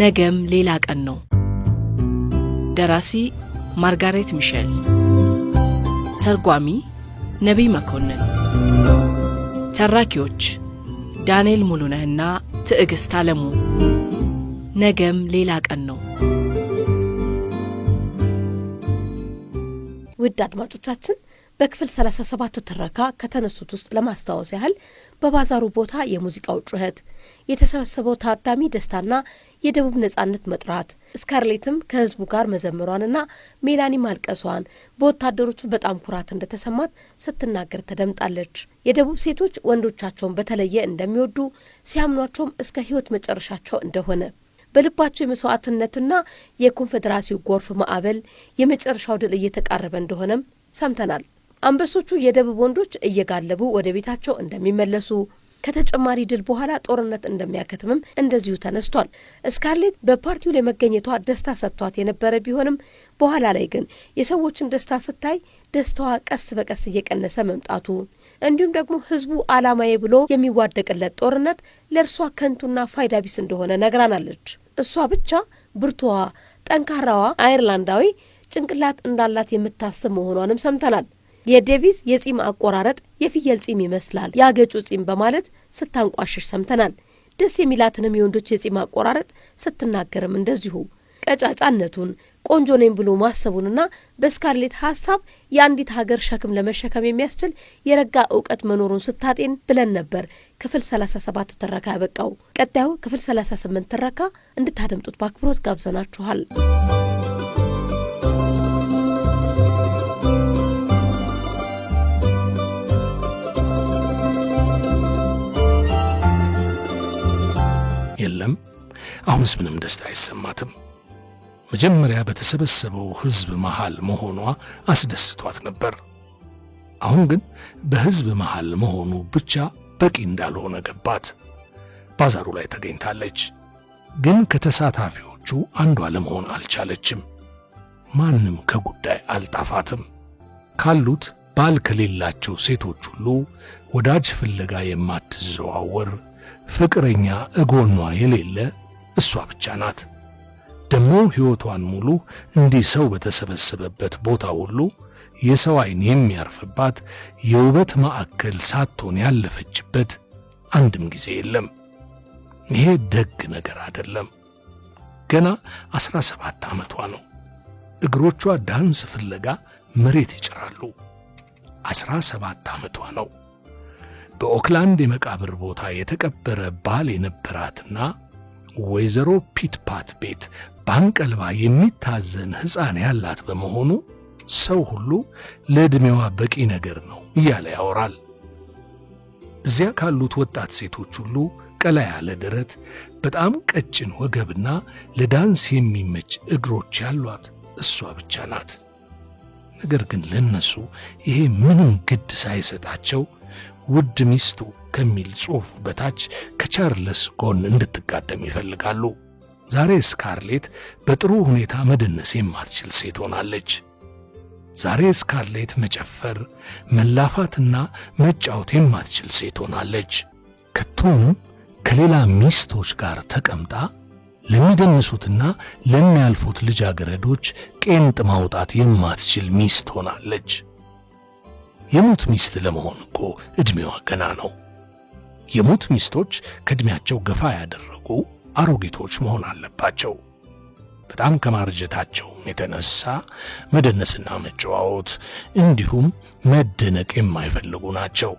ነገም ሌላ ቀን ነው። ደራሲ ማርጋሬት ሚሸል፣ ተርጓሚ ነቢይ መኮንን፣ ተራኪዎች ዳንኤል ሙሉነህና ትዕግሥት አለሙ። ነገም ሌላ ቀን ነው። ውድ አድማጮቻችን በክፍል 37 ትረካ ከተነሱት ውስጥ ለማስታወስ ያህል በባዛሩ ቦታ የሙዚቃው ጩኸት፣ የተሰበሰበው ታዳሚ ደስታና የደቡብ ነጻነት መጥራት፣ ስካርሌትም ከህዝቡ ጋር መዘምሯንና ሜላኒ ማልቀሷን በወታደሮቹ በጣም ኩራት እንደተሰማት ስትናገር ተደምጣለች። የደቡብ ሴቶች ወንዶቻቸውን በተለየ እንደሚወዱ ሲያምኗቸውም እስከ ህይወት መጨረሻቸው እንደሆነ በልባቸው የመስዋዕትነትና የኮንፌዴራሲው ጎርፍ ማዕበል የመጨረሻው ድል እየተቃረበ እንደሆነም ሰምተናል። አንበሶቹ የደቡብ ወንዶች እየጋለቡ ወደ ቤታቸው እንደሚመለሱ ከተጨማሪ ድል በኋላ ጦርነት እንደሚያከትምም እንደዚሁ ተነስቷል። እስካርሌት በፓርቲው ላይ መገኘቷ ደስታ ሰጥቷት የነበረ ቢሆንም በኋላ ላይ ግን የሰዎችን ደስታ ስታይ ደስታዋ ቀስ በቀስ እየቀነሰ መምጣቱ እንዲሁም ደግሞ ህዝቡ አላማዬ ብሎ የሚዋደቅለት ጦርነት ለእርሷ ከንቱና ፋይዳ ቢስ እንደሆነ ነግራናለች። እሷ ብቻ ብርቱዋ፣ ጠንካራዋ አይርላንዳዊ ጭንቅላት እንዳላት የምታስብ መሆኗንም ሰምተናል። የዴቪስ የጺም አቆራረጥ የፍየል ጺም ይመስላል የአገጩ ጺም በማለት ስታንቋሽሽ ሰምተናል። ደስ የሚላትንም የወንዶች የጺም አቆራረጥ ስትናገርም እንደዚሁ ቀጫጫነቱን ቆንጆ ነኝ ብሎ ማሰቡንና በስካርሌት ሀሳብ የአንዲት ሀገር ሸክም ለመሸከም የሚያስችል የረጋ እውቀት መኖሩን ስታጤን ብለን ነበር። ክፍል 37 ትረካ ያበቃው። ቀጣዩ ክፍል 38 ትረካ እንድታደምጡት በአክብሮት ጋብዘናችኋል። አሁንስ ምንም ደስታ አይሰማትም። መጀመሪያ በተሰበሰበው ሕዝብ መሃል መሆኗ አስደስቷት ነበር። አሁን ግን በሕዝብ መሃል መሆኑ ብቻ በቂ እንዳልሆነ ገባት። ባዛሩ ላይ ተገኝታለች፣ ግን ከተሳታፊዎቹ አንዷ ለመሆን አልቻለችም። ማንም ከጉዳይ አልጣፋትም። ካሉት ባል ከሌላቸው ሴቶች ሁሉ ወዳጅ ፍለጋ የማትዘዋወር ፍቅረኛ እጎኗ የሌለ እሷ ብቻ ናት። ደግሞ ሕይወቷን ሙሉ እንዲህ ሰው በተሰበሰበበት ቦታ ሁሉ የሰው ዓይን የሚያርፍባት የውበት ማዕከል ሳትሆን ያለፈችበት አንድም ጊዜ የለም። ይሄ ደግ ነገር አይደለም። ገና 17 ሰባት ዓመቷ ነው። እግሮቿ ዳንስ ፍለጋ መሬት ይጭራሉ። አስራ ሰባት ዓመቷ ነው። በኦክላንድ የመቃብር ቦታ የተቀበረ ባል የነበራትና ወይዘሮ ፒትፓት ቤት ባንቀልባ የሚታዘን ሕፃን ያላት በመሆኑ ሰው ሁሉ ለዕድሜዋ በቂ ነገር ነው እያለ ያወራል። እዚያ ካሉት ወጣት ሴቶች ሁሉ ቀላ ያለ ደረት፣ በጣም ቀጭን ወገብና ለዳንስ የሚመች እግሮች ያሏት እሷ ብቻ ናት። ነገር ግን ለነሱ ይሄ ምንም ግድ ሳይሰጣቸው ውድ ሚስቱ ከሚል ጽሑፍ በታች ከቻርልስ ጎን እንድትጋደም ይፈልጋሉ። ዛሬ ስካርሌት በጥሩ ሁኔታ መደነስ የማትችል ሴት ሆናለች። ዛሬ ስካርሌት መጨፈር፣ መላፋትና መጫወት የማትችል ሴት ሆናለች። ከቶም ከሌላ ሚስቶች ጋር ተቀምጣ ለሚደንሱትና ለሚያልፉት ልጃገረዶች ቄንጥ ማውጣት የማትችል ሚስት ሆናለች። የሙት ሚስት ለመሆን እኮ ዕድሜዋ ገና ነው። የሙት ሚስቶች ከእድሜያቸው ገፋ ያደረጉ አሮጊቶች መሆን አለባቸው። በጣም ከማርጀታቸው የተነሳ መደነስና መጨዋወት እንዲሁም መደነቅ የማይፈልጉ ናቸው።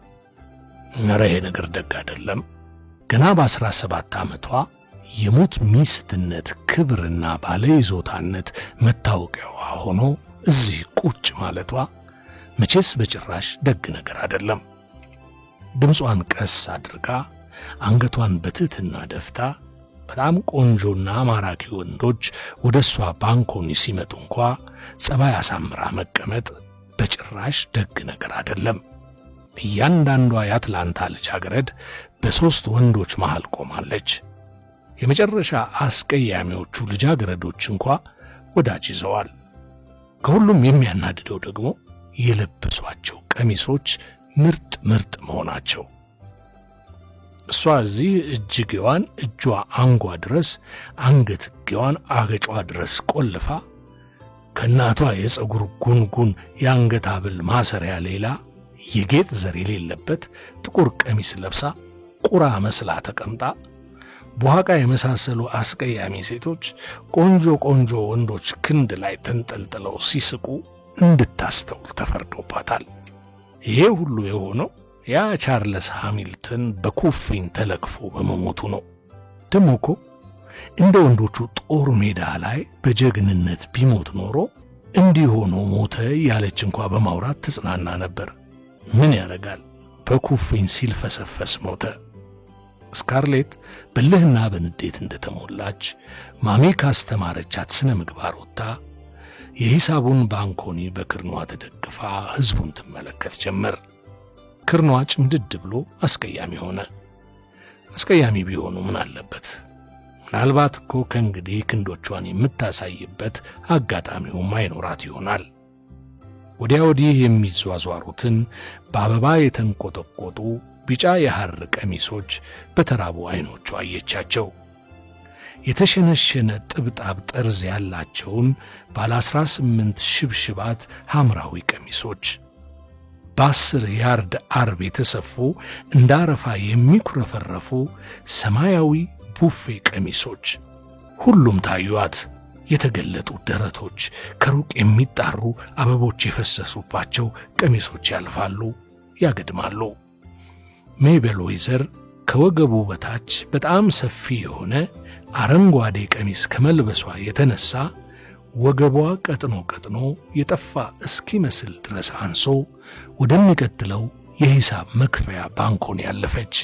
ኧረ ይሄ ነገር ደግ አይደለም። ገና በአስራ ሰባት ዓመቷ የሙት ሚስትነት ክብርና ባለይዞታነት መታወቂያዋ ሆኖ እዚህ ቁጭ ማለቷ መቼስ በጭራሽ ደግ ነገር አይደለም። ድምጿን ቀስ አድርጋ አንገቷን በትህትና ደፍታ በጣም ቆንጆና ማራኪ ወንዶች ወደ እሷ ባንኮኒ ሲመጡ እንኳ ጸባይ አሳምራ መቀመጥ በጭራሽ ደግ ነገር አይደለም። እያንዳንዷ የአትላንታ ልጃገረድ በሦስት ወንዶች መሃል ቆማለች። የመጨረሻ አስቀያሚዎቹ ልጃገረዶች እንኳ ወዳጅ ይዘዋል። ከሁሉም የሚያናድደው ደግሞ የለበሷቸው ቀሚሶች ምርጥ ምርጥ መሆናቸው እሷ እዚህ እጅጌዋን እጇ አንጓ ድረስ አንገትጌዋን አገጯ ድረስ ቆልፋ ከእናቷ የፀጉር ጉንጉን የአንገት ሐብል ማሰሪያ ሌላ የጌጥ ዘር የሌለበት ጥቁር ቀሚስ ለብሳ ቁራ መስላ ተቀምጣ ቡሃቃ የመሳሰሉ አስቀያሚ ሴቶች ቆንጆ ቆንጆ ወንዶች ክንድ ላይ ተንጠልጥለው ሲስቁ እንድታስተውል ተፈርዶባታል። ይሄ ሁሉ የሆነው ያ ቻርለስ ሃሚልተን በኩፍኝ ተለክፎ በመሞቱ ነው። ደሞ እኮ እንደ ወንዶቹ ጦር ሜዳ ላይ በጀግንነት ቢሞት ኖሮ እንዲህ ሆኖ ሞተ ያለች እንኳ በማውራት ትጽናና ነበር። ምን ያደርጋል፣ በኩፍኝ ሲልፈሰፈስ ሞተ። ስካርሌት በልህና በንዴት እንደተሞላች ማሜ ካስተማረቻት ስነ ምግባር ወጥታ የሂሳቡን ባንኮኒ በክርኗ ተደግፋ ሕዝቡን ትመለከት ጀመር። ክርኗ ጭምድድ ብሎ አስቀያሚ ሆነ። አስቀያሚ ቢሆኑ ምን አለበት? ምናልባት እኮ ከእንግዲህ ክንዶቿን የምታሳይበት አጋጣሚውም አይኖራት ይሆናል። ወዲያ ወዲህ የሚዟዟሩትን በአበባ የተንቆጠቆጡ ቢጫ የሐር ቀሚሶች በተራቡ ዐይኖቿ አየቻቸው። የተሸነሸነ ጥብጣብ ጠርዝ ያላቸውን ባለ 18 ሽብሽባት ሐምራዊ ቀሚሶች በአስር ያርድ አርብ የተሰፉ እንደ አረፋ የሚኩረፈረፉ ሰማያዊ ቡፌ ቀሚሶች ሁሉም ታዩዋት። የተገለጡ ደረቶች፣ ከሩቅ የሚጣሩ አበቦች የፈሰሱባቸው ቀሚሶች ያልፋሉ፣ ያገድማሉ። ሜቤል ወይዘር ከወገቡ በታች በጣም ሰፊ የሆነ አረንጓዴ ቀሚስ ከመልበሷ የተነሳ ወገቧ ቀጥኖ ቀጥኖ የጠፋ እስኪመስል ድረስ አንሶ ወደሚቀጥለው የሂሳብ መክፈያ ባንኮን ያለፈች።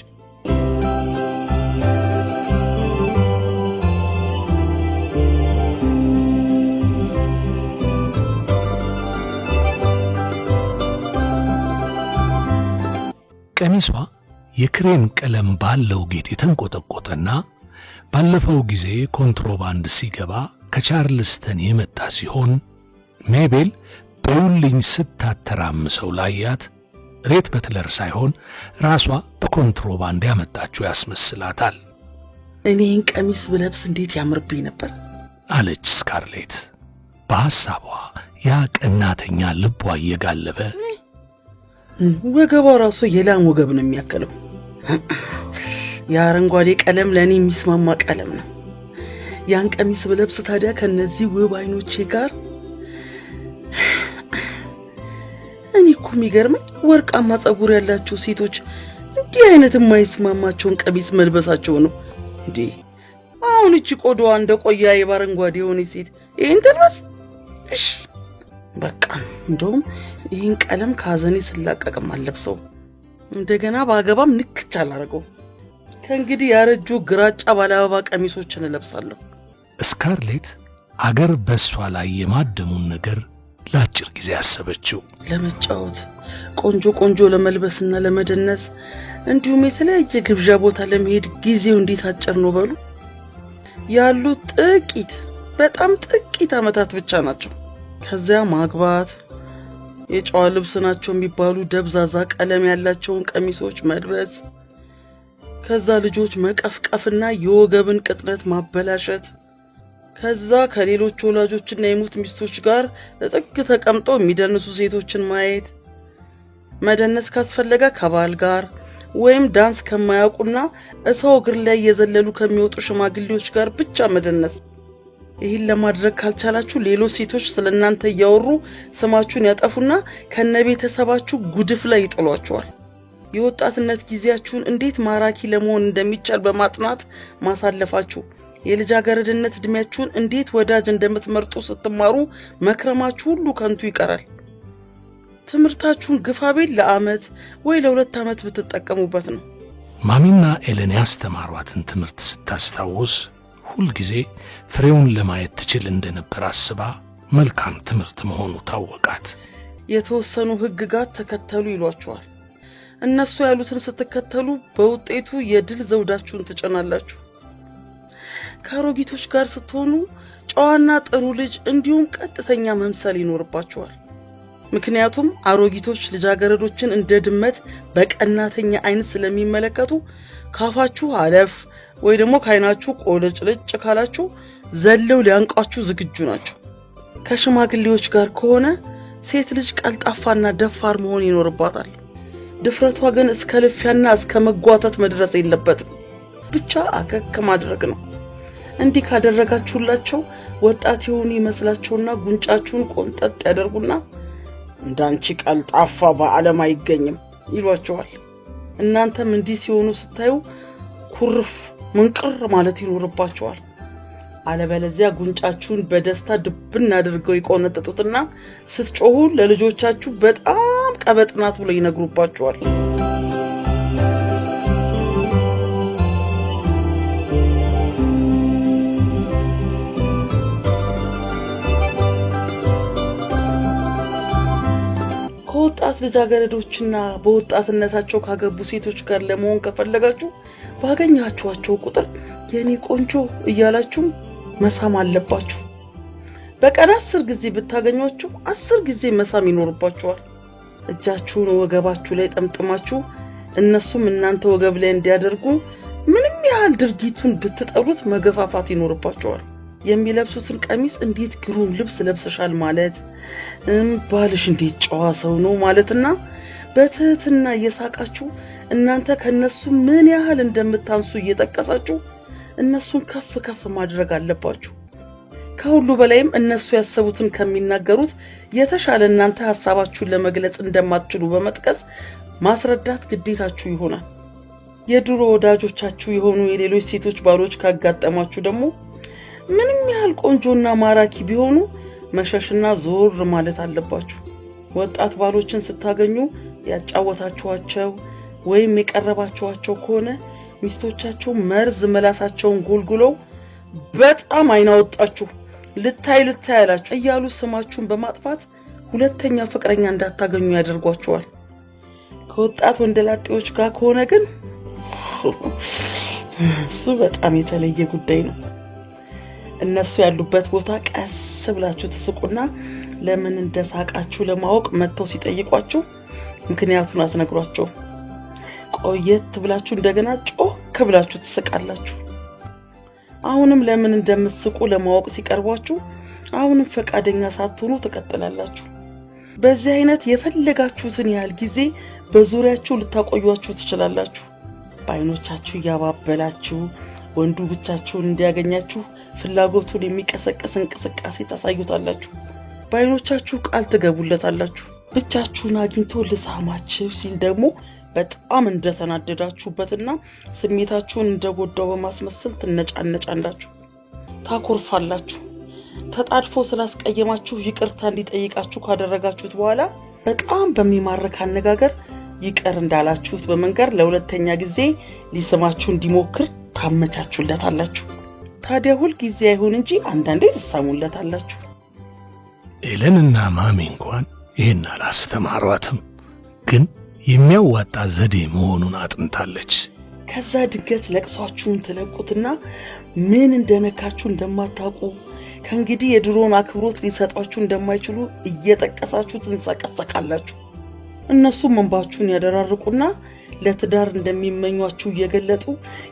ቀሚሷ የክሬም ቀለም ባለው ጌጥ የተንቆጠቆጠና ባለፈው ጊዜ ኮንትሮባንድ ሲገባ ከቻርልስተን የመጣ ሲሆን ሜቤል በውልኝ ስታተራምሰው ላያት ሬት በትለር ሳይሆን ራሷ በኮንትሮባንድ ያመጣችው ያስመስላታል። እኔን ቀሚስ ብለብስ እንዴት ያምርብኝ ነበር አለች ስካርሌት በሐሳቧ ያ ቀናተኛ ልቧ እየጋለበ ወገቧ ራሱ የላም ወገብ ነው የሚያከለው የአረንጓዴ ቀለም ለእኔ የሚስማማ ቀለም ነው። ያን ቀሚስ ብለብስ ታዲያ ከነዚህ ውብ አይኖቼ ጋር እኔ እኮ የሚገርመኝ ወርቃማ ጸጉር ያላቸው ሴቶች እንዲህ አይነት የማይስማማቸውን ቀሚስ መልበሳቸው ነው እንዴ! አሁን እቺ ቆዳዋ እንደ ቆያ የባረንጓዴ የሆነ ሴት ይህን ትልበስ? እሺ በቃ እንደውም ይህን ቀለም ከሀዘኔ ስላቀቅም አልለብሰውም። እንደገና በአገባም ንክች አላደርገው ከእንግዲህ ያረጁ ግራጫ ባለአበባ ቀሚሶችን እለብሳለሁ። እስካርሌት አገር በእሷ ላይ የማደሙን ነገር ለአጭር ጊዜ አሰበችው። ለመጫወት ቆንጆ ቆንጆ ለመልበስና ለመደነስ እንዲሁም የተለያየ ግብዣ ቦታ ለመሄድ ጊዜው እንዴት አጭር ነው! በሉ ያሉት ጥቂት በጣም ጥቂት ዓመታት ብቻ ናቸው። ከዚያ ማግባት የጨዋ ልብስ ናቸው የሚባሉ ደብዛዛ ቀለም ያላቸውን ቀሚሶች መልበስ፣ ከዛ ልጆች መቀፍቀፍና የወገብን ቅጥነት ማበላሸት፣ ከዛ ከሌሎች ወላጆችና የሙት ሚስቶች ጋር ጥግ ተቀምጠው የሚደንሱ ሴቶችን ማየት፣ መደነስ ካስፈለገ ከባል ጋር ወይም ዳንስ ከማያውቁና እሰው እግር ላይ እየዘለሉ ከሚወጡ ሽማግሌዎች ጋር ብቻ መደነስ ይህን ለማድረግ ካልቻላችሁ ሌሎች ሴቶች ስለ እናንተ እያወሩ ስማችሁን ያጠፉና ከነ ቤተሰባችሁ ጉድፍ ላይ ይጥሏቸዋል። የወጣትነት ጊዜያችሁን እንዴት ማራኪ ለመሆን እንደሚቻል በማጥናት ማሳለፋችሁ፣ የልጃገረድነት እድሜያችሁን እንዴት ወዳጅ እንደምትመርጡ ስትማሩ መክረማችሁ ሁሉ ከንቱ ይቀራል። ትምህርታችሁን ግፋ ቤት ለአመት ወይ ለሁለት ዓመት ብትጠቀሙበት ነው። ማሚና ኤለን ያስተማሯትን ትምህርት ስታስታውስ ሁልጊዜ ፍሬውን ለማየት ትችል እንደነበር አስባ መልካም ትምህርት መሆኑ ታወቃት። የተወሰኑ ሕግጋት ተከተሉ ይሏቸዋል። እነሱ ያሉትን ስትከተሉ በውጤቱ የድል ዘውዳችሁን ትጭናላችሁ። ከአሮጊቶች ጋር ስትሆኑ ጨዋና ጥሩ ልጅ እንዲሁም ቀጥተኛ መምሰል ይኖርባችኋል። ምክንያቱም አሮጊቶች ልጃገረዶችን እንደ ድመት በቀናተኛ አይነት ስለሚመለከቱ ካፋችሁ አለፍ ወይ ደግሞ ከአይናችሁ ቆልጭልጭ ካላችሁ ዘለው ሊያንቋችሁ ዝግጁ ናቸው። ከሽማግሌዎች ጋር ከሆነ ሴት ልጅ ቀልጣፋና ደፋር መሆን ይኖርባታል። ድፍረቷ ግን እስከ ልፊያና እስከ መጓተት መድረስ የለበትም። ብቻ አከክ ማድረግ ነው። እንዲህ ካደረጋችሁላቸው ወጣት የሆኑ ይመስላቸውና ጉንጫችሁን ቆንጠጥ ያደርጉና እንዳንቺ ቀልጣፋ በዓለም አይገኝም ይሏቸዋል። እናንተም እንዲህ ሲሆኑ ስታዩ ኩርፍ ምንቅር ማለት ይኖርባቸዋል። አለበለዚያ ጉንጫችሁን በደስታ ድብን አድርገው የቆነጠጡትና ስትጮሁ ለልጆቻችሁ በጣም ቀበጥናት ብለው ይነግሩባችኋል። ከወጣት ልጃገረዶችና በወጣትነታቸው ካገቡ ሴቶች ጋር ለመሆን ከፈለጋችሁ ባገኛችኋቸው ቁጥር የኔ ቆንጆ እያላችሁም መሳም አለባችሁ። በቀን አስር ጊዜ ብታገኟቸው አስር ጊዜ መሳም ይኖርባችኋል። እጃችሁን ወገባችሁ ላይ ጠምጥማችሁ እነሱም እናንተ ወገብ ላይ እንዲያደርጉ ምንም ያህል ድርጊቱን ብትጠሉት መገፋፋት ይኖርባችኋል። የሚለብሱትን ቀሚስ እንዴት ግሩም ልብስ ለብሰሻል ማለት ባልሽ እንዴት ጨዋ ሰው ነው ማለትና በትህትና እየሳቃችሁ እናንተ ከነሱ ምን ያህል እንደምታንሱ እየጠቀሳችሁ እነሱን ከፍ ከፍ ማድረግ አለባችሁ። ከሁሉ በላይም እነሱ ያሰቡትን ከሚናገሩት የተሻለ እናንተ ሐሳባችሁን ለመግለጽ እንደማትችሉ በመጥቀስ ማስረዳት ግዴታችሁ ይሆናል። የድሮ ወዳጆቻችሁ የሆኑ የሌሎች ሴቶች ባሎች ካጋጠማችሁ ደግሞ ምንም ያህል ቆንጆና ማራኪ ቢሆኑ መሸሽና ዞር ማለት አለባችሁ። ወጣት ባሎችን ስታገኙ ያጫወታችኋቸው ወይም የቀረባችኋቸው ከሆነ ሚስቶቻቸው መርዝ መላሳቸውን ጎልጉለው በጣም አይናወጣችሁ ልታይ ልታይ አላችሁ እያሉ ስማችሁን በማጥፋት ሁለተኛ ፍቅረኛ እንዳታገኙ ያደርጓቸዋል። ከወጣት ወንደላጤዎች ጋር ከሆነ ግን እሱ በጣም የተለየ ጉዳይ ነው። እነሱ ያሉበት ቦታ ቀስ ብላችሁ ትስቁና ለምን እንደሳቃችሁ ለማወቅ መጥተው ሲጠይቋችሁ ምክንያቱን አትነግሯቸውም። ቆየት ብላችሁ እንደገና ጮክ ብላችሁ ትስቃላችሁ። አሁንም ለምን እንደምትስቁ ለማወቅ ሲቀርቧችሁ አሁንም ፈቃደኛ ሳትሆኑ ትቀጥላላችሁ። በዚህ አይነት የፈለጋችሁትን ያህል ጊዜ በዙሪያችሁ ልታቆዩአችሁ ትችላላችሁ። በአይኖቻችሁ እያባበላችሁ ወንዱ ብቻችሁን እንዲያገኛችሁ ፍላጎቱን የሚቀሰቅስ እንቅስቃሴ ታሳዩታላችሁ። በአይኖቻችሁ ቃል ትገቡለታላችሁ። ብቻችሁን አግኝቶ ልሳማችሁ ሲል ደግሞ በጣም እንደተናደዳችሁበትና ስሜታችሁን እንደጎዳው በማስመሰል ትነጫነጫላችሁ፣ ታኮርፋላችሁ። ተጣድፎ ስላስቀየማችሁ ይቅርታ እንዲጠይቃችሁ ካደረጋችሁት በኋላ በጣም በሚማርክ አነጋገር ይቅር እንዳላችሁት በመንገር ለሁለተኛ ጊዜ ሊስማችሁ እንዲሞክር ታመቻችሁለታላችሁ። ታዲያ ሁል ጊዜ አይሁን እንጂ አንዳንዴ ትሳሙለታላችሁ። ኤለንና ማሚ እንኳን ይህን አላስተማሯትም ግን የሚያዋጣ ዘዴ መሆኑን አጥንታለች። ከዛ ድንገት ለቅሷችሁን ትለቁትና ምን እንደነካችሁ እንደማታውቁ ከእንግዲህ የድሮውን አክብሮት ሊሰጧችሁ እንደማይችሉ እየጠቀሳችሁ ትንሰቀሰቃላችሁ። እነሱም እንባችሁን ያደራርቁና ለትዳር እንደሚመኟችሁ እየገለጡ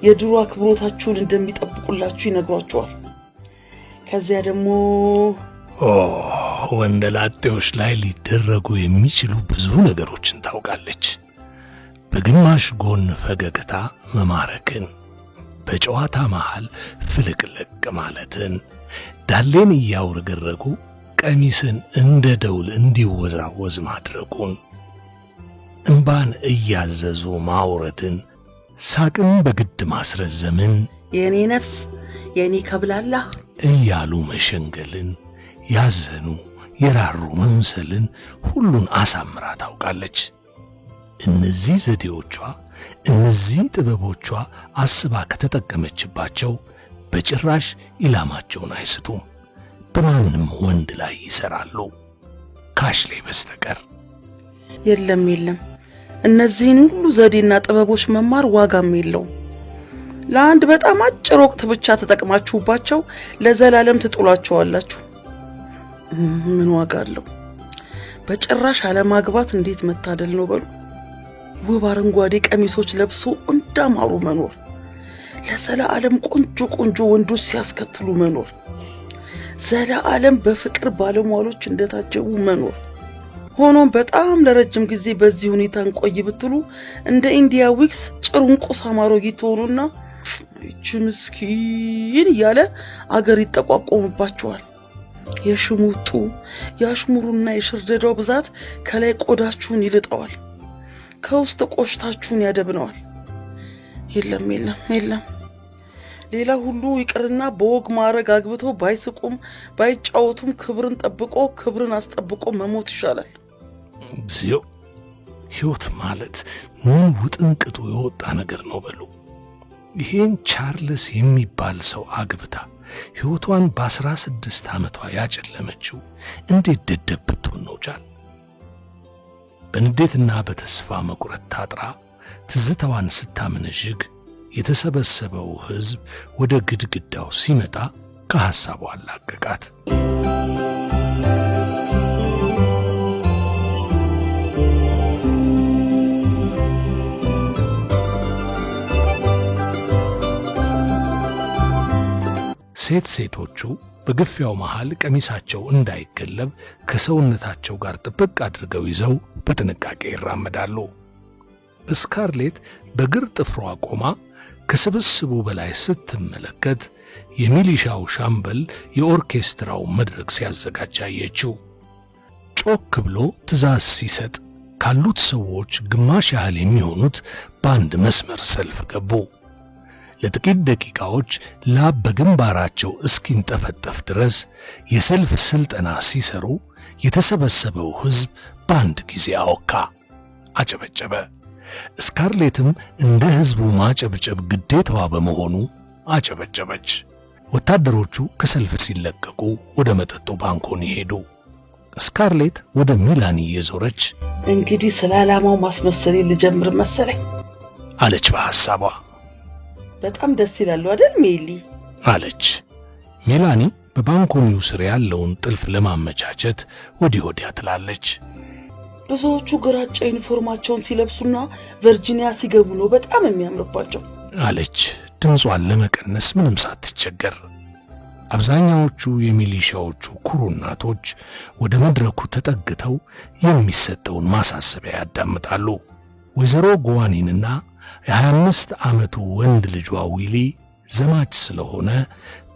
የድሮ አክብሮታችሁን እንደሚጠብቁላችሁ ይነግሯችኋል። ከዚያ ደግሞ ወንደላጤዎች ላይ ሊደረጉ የሚችሉ ብዙ ነገሮችን ታውቃለች። በግማሽ ጎን ፈገግታ መማረክን፣ በጨዋታ መሃል ፍልቅልቅ ማለትን፣ ዳሌን እያውረገረጉ ቀሚስን እንደ ደውል እንዲወዛወዝ ማድረጉን፣ እምባን እያዘዙ ማውረድን ሳቅን በግድ ማስረዘምን፣ የኔ ነፍስ የኔ ከብላላ እያሉ መሸንገልን ያዘኑ የራሩ መምሰልን ሁሉን አሳምራ ታውቃለች። እነዚህ ዘዴዎቿ፣ እነዚህ ጥበቦቿ አስባ ከተጠቀመችባቸው በጭራሽ ኢላማቸውን አይስቱም። በማንም ወንድ ላይ ይሰራሉ ካሽሌ በስተቀር። የለም የለም፣ እነዚህን ሁሉ ዘዴና ጥበቦች መማር ዋጋም የለውም። ለአንድ በጣም አጭር ወቅት ብቻ ተጠቅማችሁባቸው ለዘላለም ትጥሏቸዋላችሁ። ምን ዋጋ አለው? በጭራሽ አለማግባት እንዴት መታደል ነው በሉ። ውብ አረንጓዴ ቀሚሶች ለብሶ እንዳማሩ መኖር፣ ለዘላለም ቆንጆ ቆንጆ ወንዶች ሲያስከትሉ መኖር፣ ዘላለም በፍቅር ባለሟሎች እንደታጀቡ መኖር። ሆኖም በጣም ለረጅም ጊዜ በዚህ ሁኔታ እንቆይ ብትሉ እንደ ኢንዲያ ዊክስ ጭሩን ቁስ አማሮጊት ትሆኑና ይች ምስኪን እያለ አገር ይጠቋቆሙባችኋል። የሽሙጡ የአሽሙሩና የሽርደዳው ብዛት ከላይ ቆዳችሁን ይልጠዋል፣ ከውስጥ ቆሽታችሁን ያደብነዋል። የለም የለም የለም። ሌላ ሁሉ ይቅርና በወግ ማዕረግ አግብቶ ባይስቁም ባይጫወቱም ክብርን ጠብቆ ክብርን አስጠብቆ መሞት ይሻላል። እግዚኦ! ሕይወት ማለት ምን ውጥንቅጡ የወጣ ነገር ነው! በሉ ይሄን ቻርልስ የሚባል ሰው አግብታ ሕይወቷን በአስራ ስድስት ዓመቷ ያጨለመችው እንዴት ደደብ ብትሆን ነው? ጃን በንዴትና በተስፋ መቁረጥ ታጥራ ትዝታዋን ስታመነዥግ የተሰበሰበው ሕዝብ ወደ ግድግዳው ሲመጣ ከሐሳቡ አላቀቃት። ሴት ሴቶቹ በግፊያው መሃል ቀሚሳቸው እንዳይገለብ ከሰውነታቸው ጋር ጥብቅ አድርገው ይዘው በጥንቃቄ ይራመዳሉ። እስካርሌት በግር ጥፍሯ ቆማ ከስብስቡ በላይ ስትመለከት የሚሊሻው ሻምበል የኦርኬስትራው መድረክ ሲያዘጋጅ አየችው። ጮክ ብሎ ትዕዛዝ ሲሰጥ ካሉት ሰዎች ግማሽ ያህል የሚሆኑት በአንድ መስመር ሰልፍ ገቡ። ለጥቂት ደቂቃዎች ላብ በግንባራቸው እስኪንጠፈጠፍ ድረስ የሰልፍ ስልጠና ሲሰሩ የተሰበሰበው ሕዝብ በአንድ ጊዜ አወካ፣ አጨበጨበ። ስካርሌትም እንደ ሕዝቡ ማጨብጨብ ግዴታዋ በመሆኑ አጨበጨበች። ወታደሮቹ ከሰልፍ ሲለቀቁ ወደ መጠጡ ባንኮኒ ሄዱ። ስካርሌት ወደ ሚላኒ እየዞረች እንግዲህ ስለ ዓላማው ማስመሰል ልጀምር መሰለኝ አለች በሐሳቧ። በጣም ደስ ይላሉ አይደል ሜሊ አለች። ሜላኒ በባንኮኒው ስር ያለውን ጥልፍ ለማመቻቸት ወዲህ ወዲያ ትላለች። ብዙዎቹ ግራጫ ዩኒፎርማቸውን ሲለብሱና ቨርጂኒያ ሲገቡ ነው በጣም የሚያምርባቸው አለች ድምጿን ለመቀነስ ምንም ሳትቸገር። አብዛኛዎቹ የሚሊሻዎቹ ኩሩ እናቶች ወደ መድረኩ ተጠግተው የሚሰጠውን ማሳሰቢያ ያዳምጣሉ። ወይዘሮ ጎዋኒንና የ25 ዓመቱ ወንድ ልጇ ዊሊ ዘማች ስለሆነ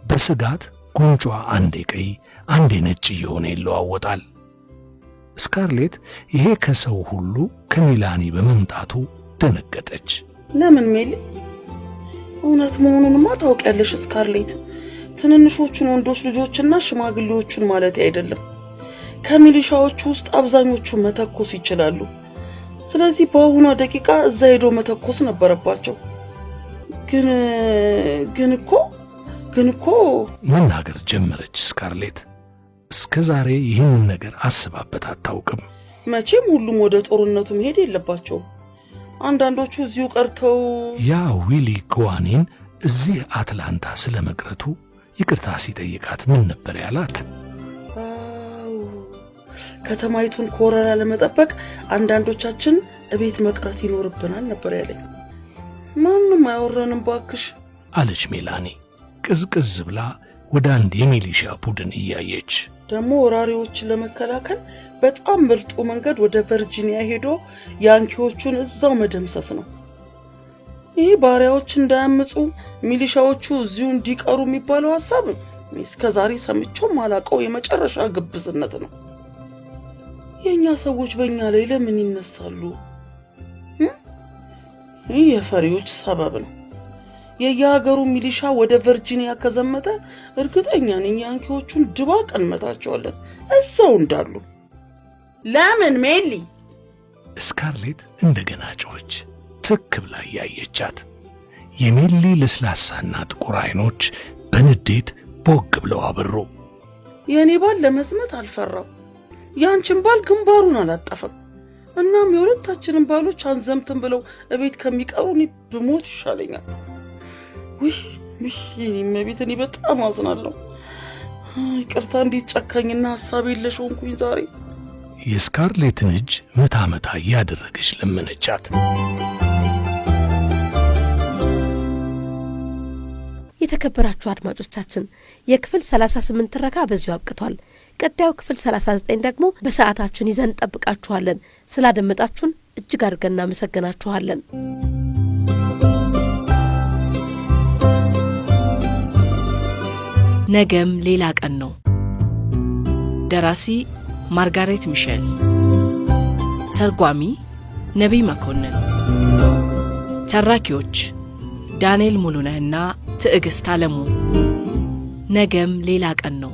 በስጋት ጉንጯ አንዴ ቀይ አንዴ ነጭ እየሆነ ይለዋወጣል። ስካርሌት ይሄ ከሰው ሁሉ ከሚላኒ በመምጣቱ ደነገጠች። ለምን ሜል እውነት መሆኑንማ ታውቂያለሽ ስካርሌት፣ ትንንሾቹን ወንዶች ልጆችና ሽማግሌዎቹን ማለት አይደለም ከሚሊሻዎቹ ውስጥ አብዛኞቹ መተኮስ ይችላሉ። ስለዚህ በሆነ ደቂቃ እዛ ሄዶ መተኮስ ነበረባቸው። ግን ግን እኮ ግን እኮ መናገር ጀመረች ስካርሌት። እስከ ዛሬ ይህንን ነገር አስባበት አታውቅም። መቼም ሁሉም ወደ ጦርነቱ መሄድ የለባቸውም። አንዳንዶቹ እዚሁ ቀርተው ያ ዊሊ ጎዋኔን እዚህ አትላንታ ስለ መቅረቱ ይቅርታ ሲጠይቃት ምን ነበር ያላት? ከተማይቱን ከወረራ ለመጠበቅ አንዳንዶቻችን እቤት መቅረት ይኖርብናል ነበር ያለኝ። ማንም አያወረንም ባክሽ አለች ሜላኒ ቅዝቅዝ ብላ ወደ አንድ የሚሊሻ ቡድን እያየች። ደግሞ ወራሪዎችን ለመከላከል በጣም ምርጡ መንገድ ወደ ቨርጂኒያ ሄዶ ያንኪዎቹን እዛው መደምሰስ ነው። ይህ ባሪያዎች እንዳያምፁ ሚሊሻዎቹ እዚሁ እንዲቀሩ የሚባለው ሀሳብ እስከ ዛሬ ሰምቼውም አላውቀው የመጨረሻ ግብዝነት ነው። የእኛ ሰዎች በእኛ ላይ ለምን ይነሳሉ? ይህ የፈሪዎች ሰበብ ነው። የየሀገሩ ሚሊሻ ወደ ቨርጂኒያ ከዘመተ እርግጠኛ ነኝ ያንኪዎቹን ድባቅ እንመታቸዋለን እዛው እንዳሉ። ለምን ሜሊ? ስካርሌት እንደገና ጮኸች፣ ትክ ብላ እያየቻት። የሜሊ ለስላሳና ጥቁር አይኖች በንዴት ቦግ ብለው አበሩ። የእኔ ባል ለመዝመት አልፈራም ያንቺን ባል ግንባሩን አላጠፈም። እናም የሁለታችንን ባሎች አንዘምትን ብለው እቤት ከሚቀሩ እኔ ብሞት ይሻለኛል። ውይ ይህም እኔ በጣም አዝናለሁ። ይቅርታ፣ እንዴት ጨካኝና ሀሳብ የለሽ ሆንኩኝ ዛሬ። የስካርሌትን እጅ መታ መታ እያደረገች ለመነቻት። የተከበራችሁ አድማጮቻችን የክፍል 38 ትረካ በዚሁ አብቅቷል። ቀጣዩ ክፍል 39 ደግሞ በሰዓታችን ይዘን እንጠብቃችኋለን። ስላደመጣችሁን እጅግ አድርገን እናመሰግናችኋለን። ነገም ሌላ ቀን ነው። ደራሲ ማርጋሬት ሚሸል፣ ተርጓሚ ነቢይ መኮንን፣ ተራኪዎች ዳንኤል ሙሉነህና ትዕግሥት አለሙ። ነገም ሌላ ቀን ነው።